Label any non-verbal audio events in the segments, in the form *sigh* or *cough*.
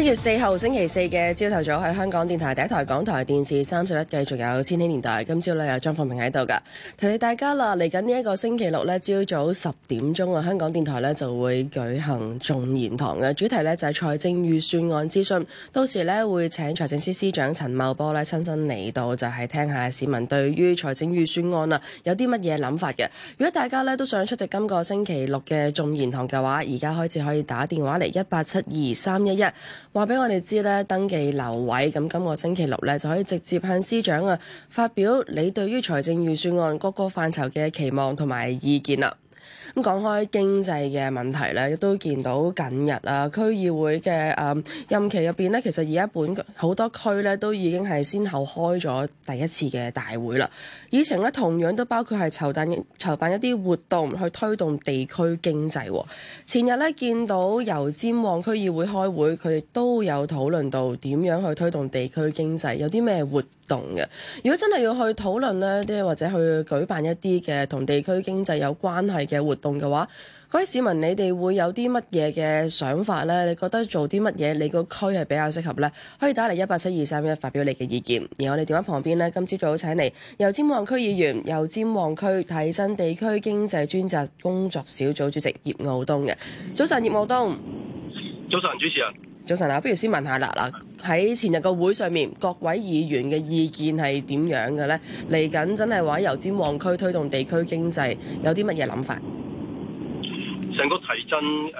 一月四號星期四嘅朝頭早，喺香港電台第一台、港台電視三十一繼續有《千禧年代》，今朝咧有張鳳平喺度噶。提下大家啦，嚟緊呢一個星期六咧，朝早十點鐘啊，香港電台咧就會舉行眾言堂嘅主題咧就係財政預算案諮詢。到時咧會請財政司司長陳茂波咧親身嚟到，就係聽下市民對於財政預算案呀有啲乜嘢諗法嘅。如果大家咧都想出席今個星期六嘅眾言堂嘅話，而家開始可以打電話嚟一八七二三一一。話俾我哋知咧，登記留位咁，今個星期六咧就可以直接向司長啊發表你對於財政預算案各個範疇嘅期望同埋意見啦。咁講開經濟嘅問題咧，都見到近日啊，區議會嘅誒任期入邊咧，其實而家本好多區咧都已經係先後開咗第一次嘅大會啦。以前咧同樣都包括係籌辦籌辦一啲活動去推動地區經濟。前日咧見到油尖旺區議會開會，佢哋都有討論到點樣去推動地區經濟，有啲咩活動？動嘅，如果真係要去討論呢啲或者去舉辦一啲嘅同地區經濟有關係嘅活動嘅話，各位市民，你哋會有啲乜嘢嘅想法呢？你覺得做啲乜嘢你個區係比較適合呢？可以打嚟一八七二三一發表你嘅意見。而我哋電話旁邊呢，今朝早請嚟油尖旺區議員、油尖旺區提振地區經濟專責工作小組主席葉傲冬嘅。早晨，葉傲冬。早晨，主持人。早晨啊，不如先問下啦，嗱喺前日個會上面，各位議員嘅意見係點樣嘅咧？嚟緊真係話油尖旺區推動地區經濟，有啲乜嘢諗法？成個提振誒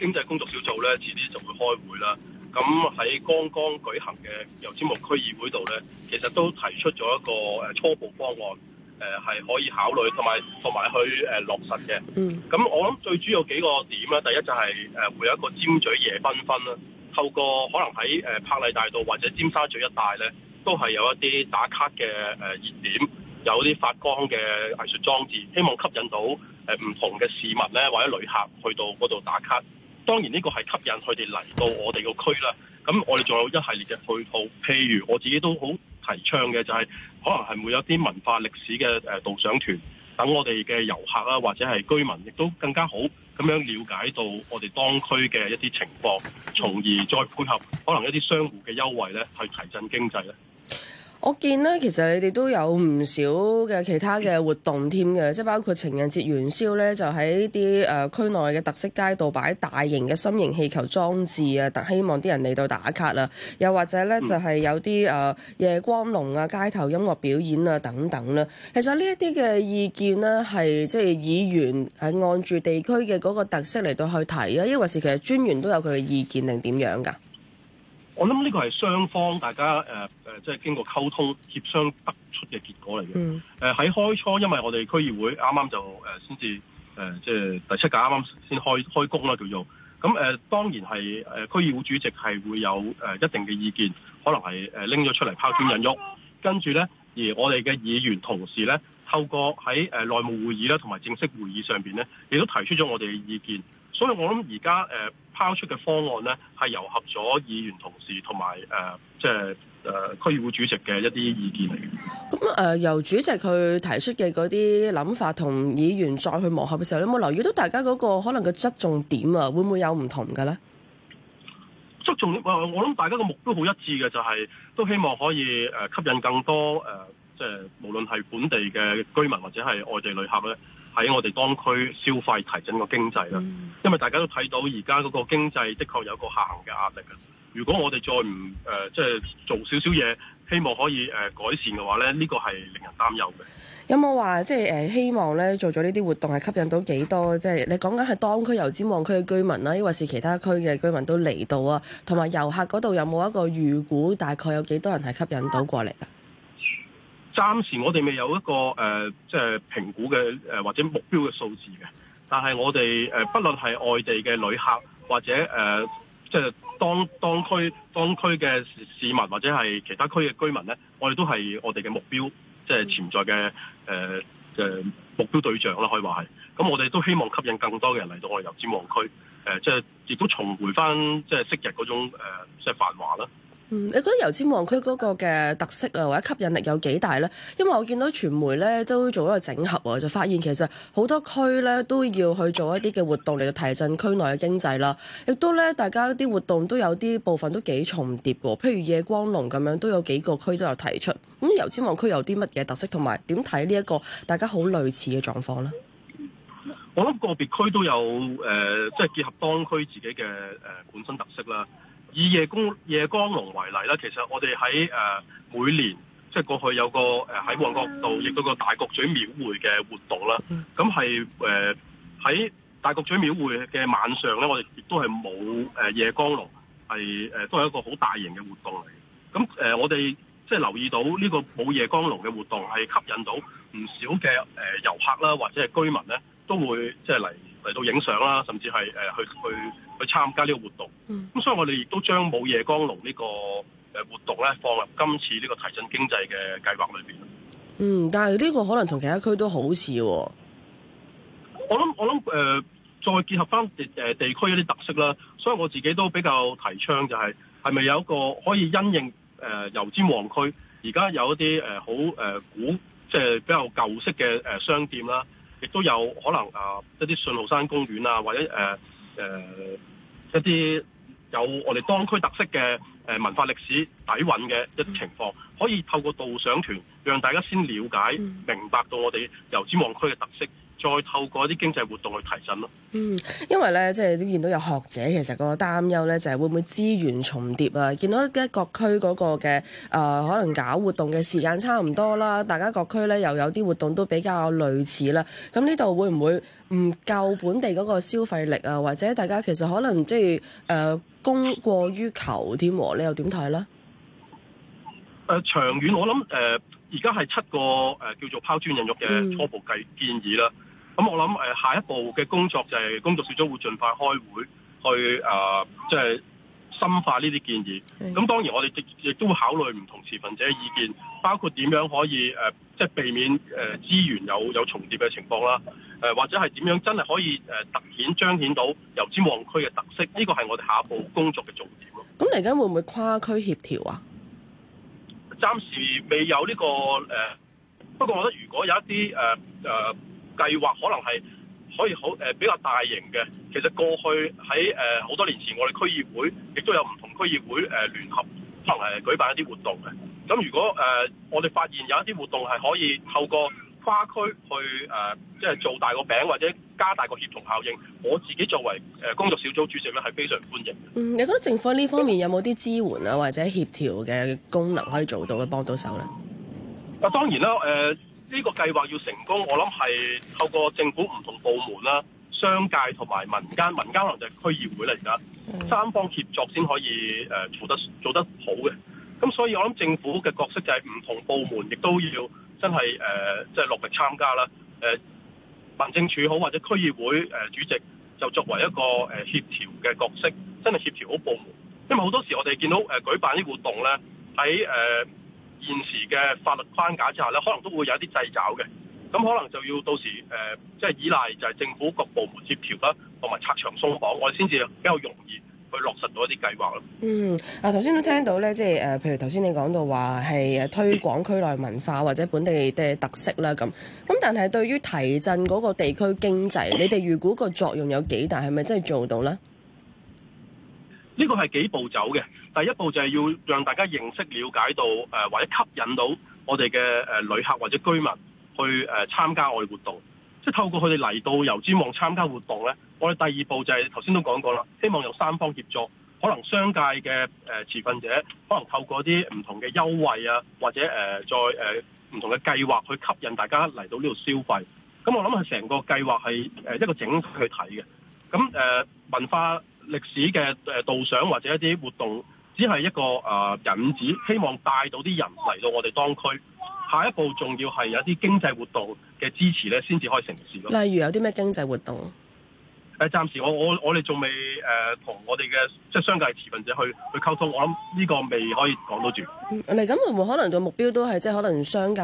經濟工作小組咧，遲啲就會開會啦。咁喺剛剛舉行嘅油尖旺區議會度咧，其實都提出咗一個誒初步方案，誒、呃、係可以考慮同埋同埋去誒、呃、落實嘅。嗯，咁我諗最主要幾個點咧，第一就係、是、誒、呃、會有一個尖咀夜繽紛啦。透過可能喺誒柏麗大道或者尖沙咀一帶呢都係有一啲打卡嘅誒熱點，有啲發光嘅藝術裝置，希望吸引到唔同嘅市民呢，或者旅客去到嗰度打卡。當然呢個係吸引佢哋嚟到我哋個區啦。咁我哋仲有一系列嘅配套，譬如我自己都好提倡嘅就係，可能係會有啲文化歷史嘅誒導賞團，等我哋嘅遊客呀或者係居民亦都更加好。咁樣了解到我哋當區嘅一啲情況，從而再配合可能一啲商戶嘅優惠咧，去提振經濟咧。我見咧，其實你哋都有唔少嘅其他嘅活動添嘅，即係包括情人節元宵咧，就喺啲誒區內嘅特色街道擺大型嘅心形氣球裝置啊，希望啲人嚟到打卡啦。又或者咧，就係有啲誒夜光龍啊、街頭音樂表演啊等等啦。其實呢一啲嘅意見呢，係即係議員係按住地區嘅嗰個特色嚟到去提啊，抑或是其實專員都有佢嘅意見定點樣㗎？我諗呢個係雙方大家誒、呃、即係經過溝通協商得出嘅結果嚟嘅。誒喺、嗯呃、開初，因為我哋區議會啱啱就先至誒，即係第七屆啱啱先開開工啦叫做。咁、嗯、誒、呃、當然係誒、呃、區議會主席係會有誒、呃、一定嘅意見，可能係拎咗出嚟拋磚引玉。跟住咧，而我哋嘅議員同事咧，透過喺誒、呃、內務會議啦，同埋正式會議上面咧，亦都提出咗我哋嘅意見。所以我諗而家誒。呃拋出嘅方案呢，係糅合咗議員同事同埋誒，即係誒區議會主席嘅一啲意見嚟嘅。咁誒、嗯呃、由主席佢提出嘅嗰啲諗法，同議員再去磨合嘅時候，你有冇留意到大家嗰個可能嘅側重點啊？會唔會有唔同嘅咧？側重點我我諗大家嘅目標好一致嘅、就係，就係都希望可以誒吸引更多誒，即、呃、係、就係、無論係本地嘅居民或者係外地旅客咧。喺我哋當區消費提振個經濟啦，嗯、因為大家都睇到而家嗰個經濟的確有個下行嘅壓力啊。如果我哋再唔誒，即、呃、係、就是、做少少嘢，希望可以誒改善嘅話咧，呢、這個係令人擔憂嘅。有冇話即係誒希望咧做咗呢啲活動係吸引到幾多少？即、就、係、是、你講緊係當區油尖旺區嘅居民啦、啊，抑或是其他區嘅居民都嚟到啊？同埋遊客嗰度有冇一個預估，大概有幾多少人係吸引到過嚟啊？暫時我哋未有一個誒，即係評估嘅誒或者目標嘅數字嘅。但係我哋誒，不論係外地嘅旅客或者誒，即係當當區當區嘅市民或者係其他區嘅居民咧，我哋都係我哋嘅目標，即係潛在嘅誒誒目標對象啦，可以話係。咁我哋都希望吸引更多嘅人嚟到我哋油尖旺區，誒，即係亦都重回翻即係昔日嗰種誒，即係繁華啦。嗯，你覺得油尖旺區嗰個嘅特色啊，或者吸引力有幾大呢？因為我見到傳媒呢，都做一個整合喎，就發現其實好多區呢都要去做一啲嘅活動嚟到提振區內嘅經濟啦。亦都呢，大家啲活動都有啲部分都幾重疊嘅，譬如夜光龍咁樣，都有幾個區都有提出。咁油尖旺區有啲乜嘢特色，同埋點睇呢一個大家好類似嘅狀況呢？我諗個別區都有誒，即、呃、係、就是、結合當區自己嘅誒、呃、本身特色啦。以夜光夜光龍為例啦，其實我哋喺誒每年即係過去有個誒喺旺角道亦都有個大角咀廟會嘅活動啦。咁係誒喺大角咀廟會嘅晚上咧，我哋亦都係冇誒夜光龍，係誒、呃、都係一個好大型嘅活動嚟。咁誒、呃、我哋即係留意到呢、這個冇夜光龍嘅活動係吸引到唔少嘅誒遊客啦，或者係居民咧都會即係嚟。嚟到影相啦，甚至係誒去去去，去參加呢個活動。咁、嗯、所以我哋亦都將舞夜光龍呢個誒活動咧，放入今次呢個提振經濟嘅計劃裏邊。嗯，但係呢個可能同其他區都好似、哦我想。我諗我諗誒，再結合翻誒地、呃、地區一啲特色啦。所以我自己都比較提倡就係、是，係咪有一個可以因應誒、呃、油尖旺區而家有一啲誒、呃、好誒、呃、古，即、就、係、是、比較舊式嘅誒、呃、商店啦。亦都有可能啊，一啲信號山公園啊，或者誒誒、呃呃、一啲有我哋當區特色嘅誒文化歷史底蘊嘅一情況，可以透過導賞團讓大家先了解明白到我哋油尖旺區嘅特色。再透過一啲經濟活動去提振咯。嗯，因為咧，即係都見到有學者其實個擔憂咧，就係、是、會唔會資源重疊啊？見到一啲各區嗰個嘅誒、呃，可能搞活動嘅時間差唔多啦，大家各區咧又有啲活動都比較類似啦。咁呢度會唔會唔夠本地嗰個消費力啊？或者大家其實可能即係誒供過於求添？你又點睇咧？誒、呃，長遠我諗誒，而家係七個誒、呃、叫做拋磚引玉嘅初步計、嗯、建議啦。咁我諗誒，下一步嘅工作就係工作小組會盡快開會去誒，即係深化呢啲建議。咁是當然我哋亦亦都會考慮唔同持份者嘅意見，包括點樣可以誒，即係避免誒資源有有重疊嘅情況啦。誒，或者係點樣真係可以誒，凸顯彰顯到油尖旺區嘅特色？呢個係我哋下一步工作嘅重點咯。咁嚟緊會唔會跨區協調啊？暫時未有呢、這個誒，不過我覺得如果有一啲誒誒。呃計劃可能係可以好、誒、呃，比較大型嘅。其實過去喺誒好多年前，我哋區議會亦都有唔同區議會誒聯、呃、合，可能係舉辦一啲活動嘅。咁如果誒、呃、我哋發現有一啲活動係可以透過跨區去誒、即、呃、係、就是、做大個餅或者加大個協同效應，我自己作為誒、呃、工作小組主席咧，係非常歡迎。嗯，你覺得政府喺呢方面有冇啲支援啊，或者協調嘅功能可以做到啊，幫到手咧？啊，當然啦，誒、呃。呢個計劃要成功，我諗係透過政府唔同部門啦、商界同埋民間，民間可能就係區議會啦，而家三方協作先可以誒做得做得好嘅。咁所以我諗政府嘅角色就係唔同部門亦都要真係誒即係落力參加啦。誒、呃、民政處好或者區議會誒、呃、主席就作為一個誒協調嘅角色，真係協調好部門。因為好多時我哋見到誒舉辦啲活動咧喺誒，在呃現時嘅法律框架之下咧，可能都會有一啲掣肘嘅，咁可能就要到時誒，即、呃、係、就是、依賴就係政府各部門協調啦，同埋拆牆鬆綁，我哋先至比較容易去落實到一啲計劃咯。嗯，啊，頭先都聽到咧，即係誒，譬、呃、如頭先你講到話係誒推廣區內文化 *laughs* 或者本地嘅特色啦，咁，咁但係對於提振嗰個地區經濟，你哋預估個作用有幾大？係咪真係做到咧？呢個係幾步走嘅。第一步就係要讓大家認識、了解到，或者吸引到我哋嘅旅客或者居民去誒參加我哋活動。即係透過佢哋嚟到油尖旺參加活動咧，我哋第二步就係頭先都講過啦，希望有三方協助，可能商界嘅持份者，可能透過啲唔同嘅優惠啊，或者誒再唔同嘅計劃去吸引大家嚟到呢度消費。咁我諗係成個計劃係一個整體去睇嘅。咁文化歷史嘅誒導賞或者一啲活動，只係一個誒引子，希望帶到啲人嚟到我哋當區。下一步仲要係有啲經濟活動嘅支持咧，先至可以成事咯。例如有啲咩經濟活動？誒、呃，暫時我我我哋仲未誒同、呃、我哋嘅即係商界持份者去去溝通，我諗呢個未可以講到住。嚟緊會唔會可能個目標都係即係可能商界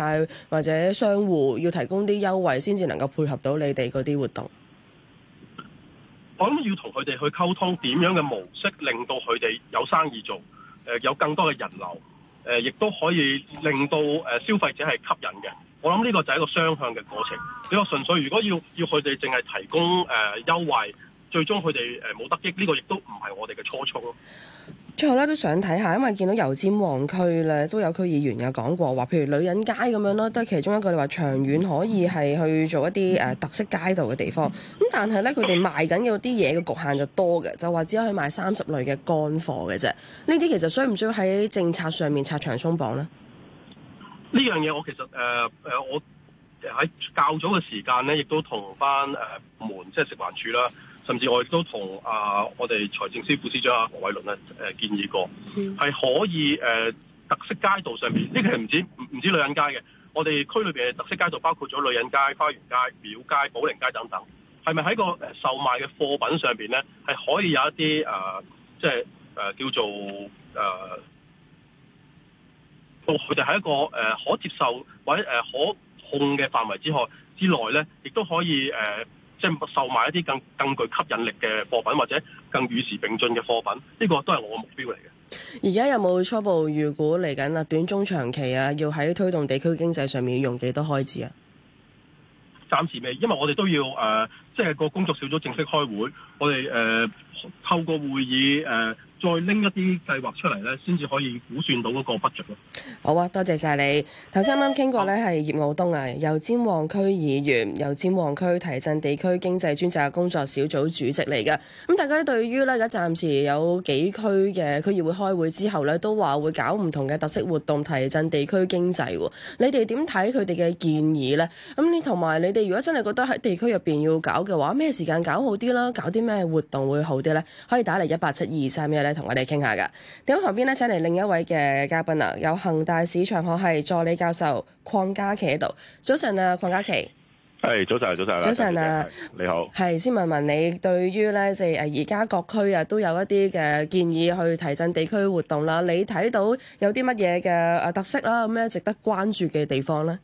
或者商戶要提供啲優惠，先至能夠配合到你哋嗰啲活動？我諗要同佢哋去溝通點樣嘅模式，令到佢哋有生意做，呃、有更多嘅人流，亦、呃、都可以令到、呃、消費者係吸引嘅。我諗呢個就係一個雙向嘅過程。你話純粹如果要要佢哋淨係提供誒、呃、優惠，最終佢哋冇得益，呢、呢個亦都唔係我哋嘅初衷咯。最後咧都想睇下，因為見到油尖旺區咧都有區議員有講過話，譬如女人街咁樣咯，都係其中一個你話長遠可以係去做一啲誒、呃、特色街道嘅地方。咁但係咧佢哋賣緊嘅啲嘢嘅局限就多嘅，就話只可以賣三十類嘅乾貨嘅啫。呢啲其實需唔需要喺政策上面拆牆鬆綁呢？呢樣嘢我其實誒誒、呃，我喺較早嘅時間咧，亦都同翻誒門即係食環署啦。甚至我亦都同啊，我哋財政司副司長啊，黃偉綸啊，誒建議過，係可以誒、啊、特色街道上邊，呢個係唔止唔止女人街嘅，我哋區裏邊嘅特色街道包括咗女人街、花園街、廟街、寶靈街等等，係咪喺個售賣嘅貨品上邊咧，係可以有一啲啊，即係誒叫做誒，佢就喺一個誒、啊、可接受或者誒、啊、可控嘅範圍之內之內咧，亦都可以誒。啊即係售賣一啲更更具吸引力嘅貨品，或者更與時並進嘅貨品，呢個都係我嘅目標嚟嘅。而家有冇初步預估嚟緊啊？短中長期啊，要喺推動地區經濟上面要用幾多開支啊？暫時未，因為我哋都要誒、即係個工作小組正式開會，我哋誒、呃、透過會議、呃再拎一啲計劃出嚟咧，先至可以估算到嗰個 budget 咯。好啊，多謝晒你。頭先啱啱傾過咧，係、啊、葉傲冬啊，油尖旺區議員，油尖旺區提振地區經濟專責工作小組主席嚟嘅。咁、嗯、大家對於呢，而家暫時有幾區嘅區議會開會之後呢，都話會搞唔同嘅特色活動，提振地區經濟。你哋點睇佢哋嘅建議呢？咁同埋你哋，如果真係覺得喺地區入面要搞嘅話，咩時間搞好啲啦？搞啲咩活動會好啲呢？可以打嚟一八七二三一同我哋傾下噶，點解旁邊咧請嚟另一位嘅嘉賓啊？有恒大市場學系助理教授鄺家麒喺度。早晨啊，鄺家麒。係早晨，早晨。早晨啊，你好。係，先問問你，對於咧即係而家各區啊，都有一啲嘅建議去提振地區活動啦。你睇到有啲乜嘢嘅啊特色啦？有咩值得關注嘅地方咧？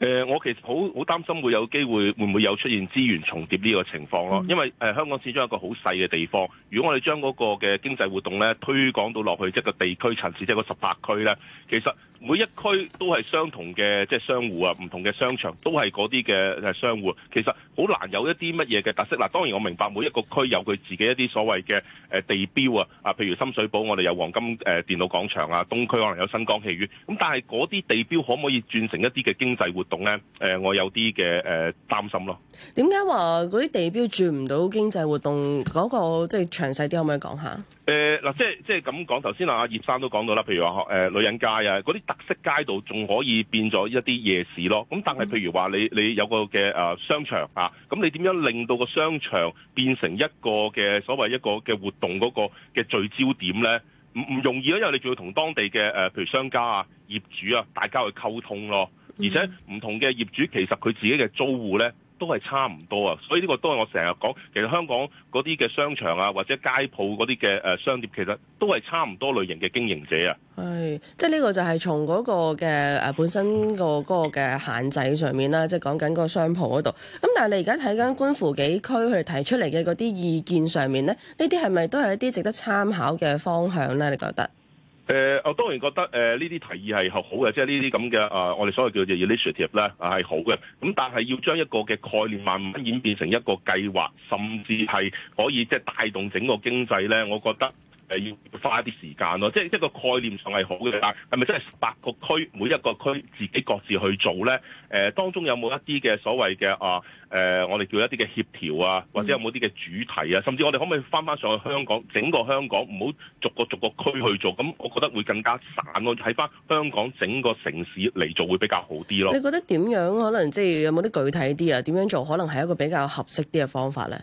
誒、呃，我其實好好擔心會有機會，會唔會有出現資源重疊呢個情況咯？嗯、因為誒、呃，香港始終係一個好細嘅地方，如果我哋將嗰個嘅經濟活動咧推廣到落去，即係個地區層次，即係個十八區咧，其實，每一區都係相同嘅，即係商戶啊，唔同嘅商場都係嗰啲嘅誒商戶，其實好難有一啲乜嘢嘅特色。嗱，當然我明白每一個區有佢自己一啲所謂嘅誒地標啊，啊，譬如深水埗我哋有黃金誒電腦廣場啊，東區可能有新光戲院咁，但係嗰啲地標可唔可以轉成一啲嘅經濟活動咧？誒，我有啲嘅誒擔心咯。點解話嗰啲地標轉唔到經濟活動？嗰個即係詳細啲可唔可以講下？誒嗱、呃，即係即係咁講，頭先阿葉生都講到啦，譬如話、呃、女人街啊，嗰啲特色街道仲可以變咗一啲夜市咯。咁但係譬如話你你有個嘅商場啊，咁你點樣令到個商場變成一個嘅所謂一個嘅活動嗰個嘅聚焦點咧？唔唔容易啊，因為你仲要同當地嘅誒，譬如商家啊、業主啊，大家去溝通咯。而且唔同嘅業主其實佢自己嘅租戶咧。都係差唔多啊，所以呢個都係我成日講，其實香港嗰啲嘅商場啊，或者街鋪嗰啲嘅誒商店，其實都係差唔多類型嘅經營者啊。係，即係呢個就係從嗰個嘅誒本身個嗰個嘅限制上面啦，即係講緊個商鋪嗰度。咁但係你而家睇緊官府幾區佢哋提出嚟嘅嗰啲意見上面咧，呢啲係咪都係一啲值得參考嘅方向咧？你覺得？誒、呃，我當然覺得誒呢啲提議係好嘅，即係呢啲咁嘅啊，我哋所謂叫做 initiative 咧，係、啊、好嘅。咁但係要將一個嘅概念慢慢演變成一個計劃，甚至係可以即係帶動整個經濟咧，我覺得。誒要花一啲時間咯，即係即係個概念上係好嘅，但係咪真係八個區每一個區自己各自去做咧？誒，當中有冇一啲嘅所謂嘅啊？誒、呃，我哋叫一啲嘅協調啊，或者有冇啲嘅主題啊？甚至我哋可唔可以翻翻上去香港整個香港，唔好逐個逐個區去做？咁我覺得會更加散咯。喺翻香港整個城市嚟做會比較好啲咯。你覺得點樣可能即係有冇啲具體啲啊？點樣做可能係一個比較合適啲嘅方法咧？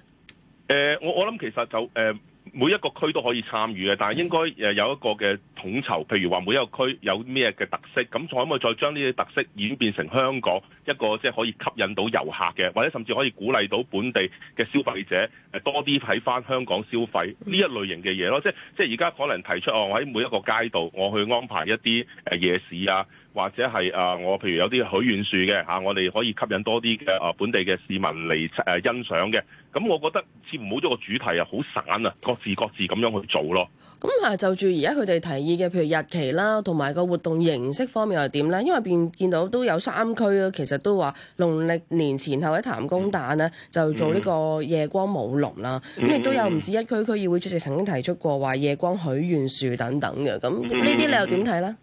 誒、呃，我我諗其實就誒。呃每一個區都可以參與嘅，但係應該誒有一個嘅統籌譬如話每一個區有咩嘅特色，咁可唔可以再將呢啲特色演變成香港一個即係、就是、可以吸引到遊客嘅，或者甚至可以鼓勵到本地嘅消費者誒多啲睇翻香港消費呢一類型嘅嘢咯？即係即係而家可能提出哦，我喺每一個街道，我去安排一啲誒夜市啊，或者係啊我譬如有啲許願樹嘅吓，我哋可以吸引多啲嘅誒本地嘅市民嚟誒欣賞嘅。咁我覺得似乎冇咗個主題啊，好散啊，各自各自咁樣去做咯。咁啊，就住而家佢哋提。嘅譬如日期啦，同埋個活動形式方面又點咧？因為見見到都有三區啊，其實都話農曆年前後喺譚公誕咧就做呢個夜光舞龍啦。咁亦、嗯、都有唔止一區區議會主席曾經提出過話夜光許願樹等等嘅。咁呢啲你又點睇咧？誒、嗯嗯嗯嗯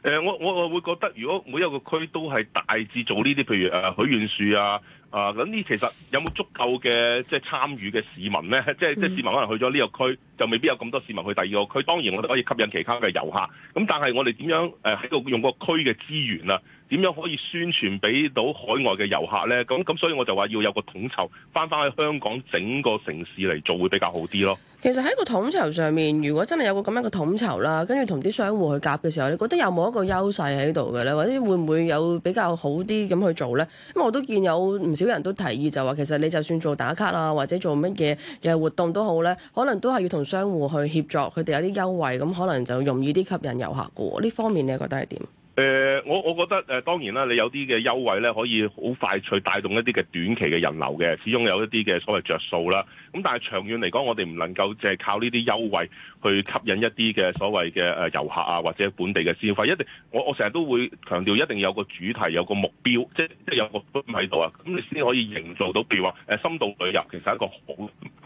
呃，我我會覺得如果每一個區都係大致做呢啲，譬如誒許願樹啊。啊！咁呢其實有冇足夠嘅即係參與嘅市民咧？即係即係市民可能去咗呢個區，就未必有咁多市民去第二個區。當然我哋可以吸引其他嘅遊客。咁但係我哋點樣誒喺度用個區嘅資源啊？點樣可以宣傳俾到海外嘅遊客呢？咁咁，所以我就話要有個統籌，翻翻去香港整個城市嚟做會比較好啲咯。其實喺個統籌上面，如果真係有個咁樣嘅統籌啦，跟住同啲商戶去夾嘅時候，你覺得有冇一個優勢喺度嘅呢？或者會唔會有比較好啲咁去做呢？咁我都見有唔少人都提議就話，其實你就算做打卡啦或者做乜嘢嘅活動都好呢，可能都係要同商戶去協助，佢哋有啲優惠，咁可能就容易啲吸引遊客嘅喎。呢方面你覺得係點？誒、呃，我我覺得誒、呃，當然啦，你有啲嘅優惠咧，可以好快脆帶動一啲嘅短期嘅人流嘅，始終有一啲嘅所謂著數啦。咁但係長遠嚟講，我哋唔能夠淨係靠呢啲優惠去吸引一啲嘅所謂嘅誒遊客啊，或者本地嘅消費。一定，我我成日都會強調，一定有個主題，有個目標，即係即係有個分喺度啊，咁你先可以營造到。譬如話深度旅遊其實係一個好，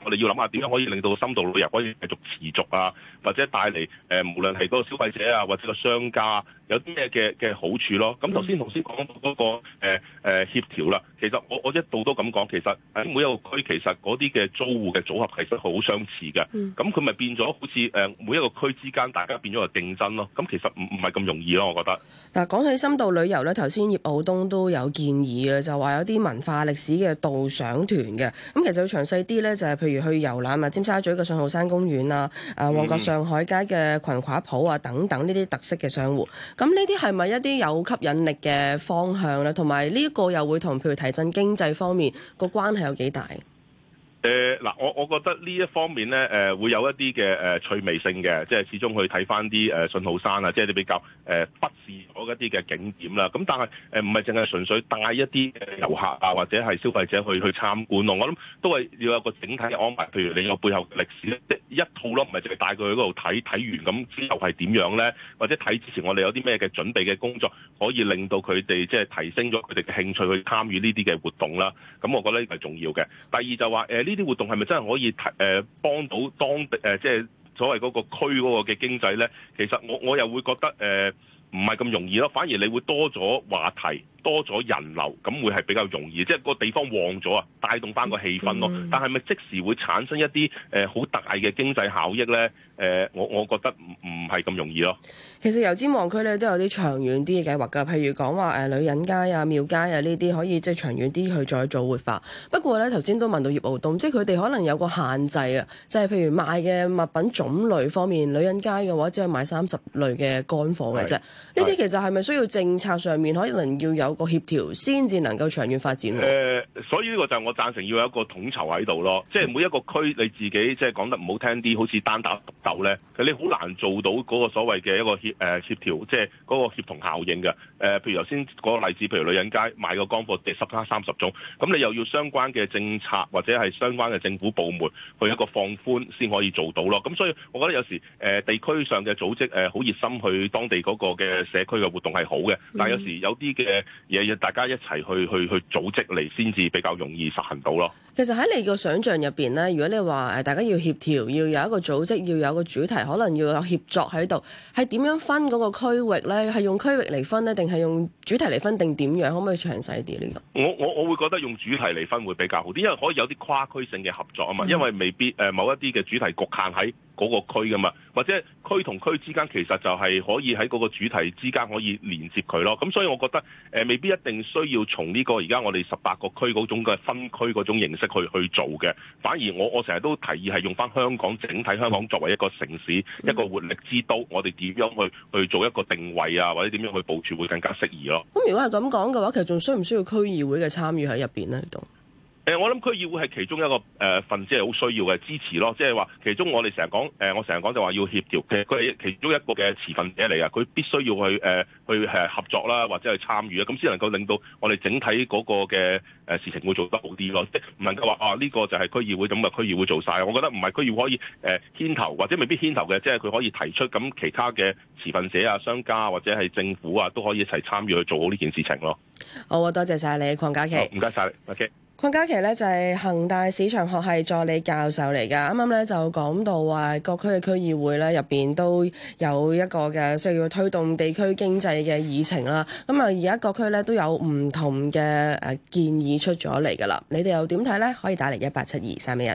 我哋要諗下點樣可以令到深度旅遊可以繼續持續啊，或者帶嚟誒、呃，無論係嗰個消費者啊，或者個商家，啊。有啲咩嘅嘅好處咯？咁頭先頭先講到嗰個誒誒協調啦，其實我我一度都咁講，其實喺每一個區其實嗰啲嘅租戶嘅組合其實好相似嘅，咁佢咪變咗好似誒每一個區之間大家變咗個競爭咯。咁其實唔唔係咁容易咯，我覺得。嗱講起深度旅遊咧，頭先葉傲冬都有建議嘅，就話有啲文化歷史嘅導賞團嘅。咁其實要詳細啲咧，就係、是、譬如去遊覽啊，尖沙咀嘅信號山公園啊，啊旺角上海街嘅裙褂舖啊，等等呢啲特色嘅商戶。咁呢啲係咪一啲有吸引力嘅方向咧？同埋呢一個又會同譬如提振經濟方面個關係有幾大？誒嗱、呃，我我覺得呢一方面咧，誒、呃、會有一啲嘅誒趣味性嘅，即係始終去睇翻啲誒信號山啊，即係你比較誒、呃、不時嗰一啲嘅景點啦。咁但係誒唔係淨係純粹帶一啲遊客啊，或者係消費者去去參觀咯。我諗都係要有個整體嘅安排，譬如你有背後歷史，即一套咯，唔係淨係帶佢去嗰度睇。睇完咁之後係點樣咧？或者睇之前我哋有啲咩嘅準備嘅工作，可以令到佢哋即係提升咗佢哋嘅興趣去參與呢啲嘅活動啦。咁我覺得係重要嘅。第二就話呢。呃呢啲活動係咪真係可以提誒幫到當地誒？即係所謂嗰個區嗰個嘅經濟咧？其實我我又會覺得誒唔係咁容易咯，反而你會多咗話題。多咗人流，咁會係比較容易，即、就、係、是、個地方旺咗啊，帶動翻個氣氛咯。嗯、但係咪即時會產生一啲誒好大嘅經濟效益咧？誒、呃、我我覺得唔唔係咁容易咯。其實油尖旺區咧都有啲長遠啲嘅計劃㗎，譬如講話誒女人街啊、廟街啊呢啲可以即係、就是、長遠啲去再做活化。不過咧頭先都問到葉傲冬，即係佢哋可能有個限制啊，即、就、係、是、譬如賣嘅物品種類方面，女人街嘅話只係買三十類嘅乾貨嘅啫。呢啲是其實係咪需要政策上面可能要有？個協調先至能夠長遠發展啊。誒、嗯呃，所以呢個就係我贊成要有一個統籌喺度咯，即係每一個區你自己即係講得唔好聽啲，好似單打獨鬥咧，你好難做到嗰個所謂嘅一個協誒協調，即係嗰個協同效應嘅。誒、呃，譬如頭先嗰個例子，譬如女人街賣個乾貨，十卡三十種，咁你又要相關嘅政策或者係相關嘅政府部門去一個放寬，先可以做到咯。咁所以我覺得有時誒、呃、地區上嘅組織誒好熱心去當地嗰個嘅社區嘅活動係好嘅，但係有時有啲嘅。大家一齊去去去組織嚟，先至比較容易實行到咯。其實喺你個想像入邊呢，如果你話誒，大家要協調，要有一個組織，要有一個主題，可能要有協作喺度。係點樣分嗰個區域呢？係用區域嚟分呢？定係用主題嚟分，定點樣？可唔可以詳細啲呢個？我我我會覺得用主題嚟分會比較好啲，因為可以有啲跨區性嘅合作啊嘛。的因為未必誒某一啲嘅主題局限喺嗰個區噶嘛，或者區同區之間其實就係可以喺嗰個主題之間可以連接佢咯。咁所以我覺得誒必一定需要從呢個而家我哋十八個區嗰種嘅分區嗰種形式去去做嘅，反而我我成日都提議係用翻香港整體香港作為一個城市，一個活力之都，我哋點樣去去做一個定位啊，或者點樣去部署會更加適宜咯。咁如果係咁講嘅話，其實仲需唔需要區議會嘅參與喺入邊咧？呢度？誒，我諗區議會係其中一個誒份子係好需要嘅支持咯。即係話，其中我哋成日講誒，我成日講就話要協調嘅。佢係其中一個嘅持份者嚟啊，佢必須要去誒去係合作啦，或者去參與啊，咁先能夠令到我哋整體嗰個嘅事情會做得好啲咯。即係唔能夠話啊，呢個就係區議會咁啊，區議會做晒，我覺得唔係區議會可以誒牽頭，或者未必牽頭嘅，即係佢可以提出咁其他嘅持份者啊、商家或者係政府啊都可以一齊參與去做好呢件事情咯。好啊，多謝晒你，鄺家麒。唔該晒。OK 鄺家麒咧，就係恒大市場學系助理教授嚟噶啱啱咧，就講到話各區嘅區議會咧入邊都有一個嘅需要推動地區經濟嘅議程啦。咁啊而家各區咧都有唔同嘅誒建議出咗嚟噶啦，你哋又點睇咧？可以打嚟一八七二三一一。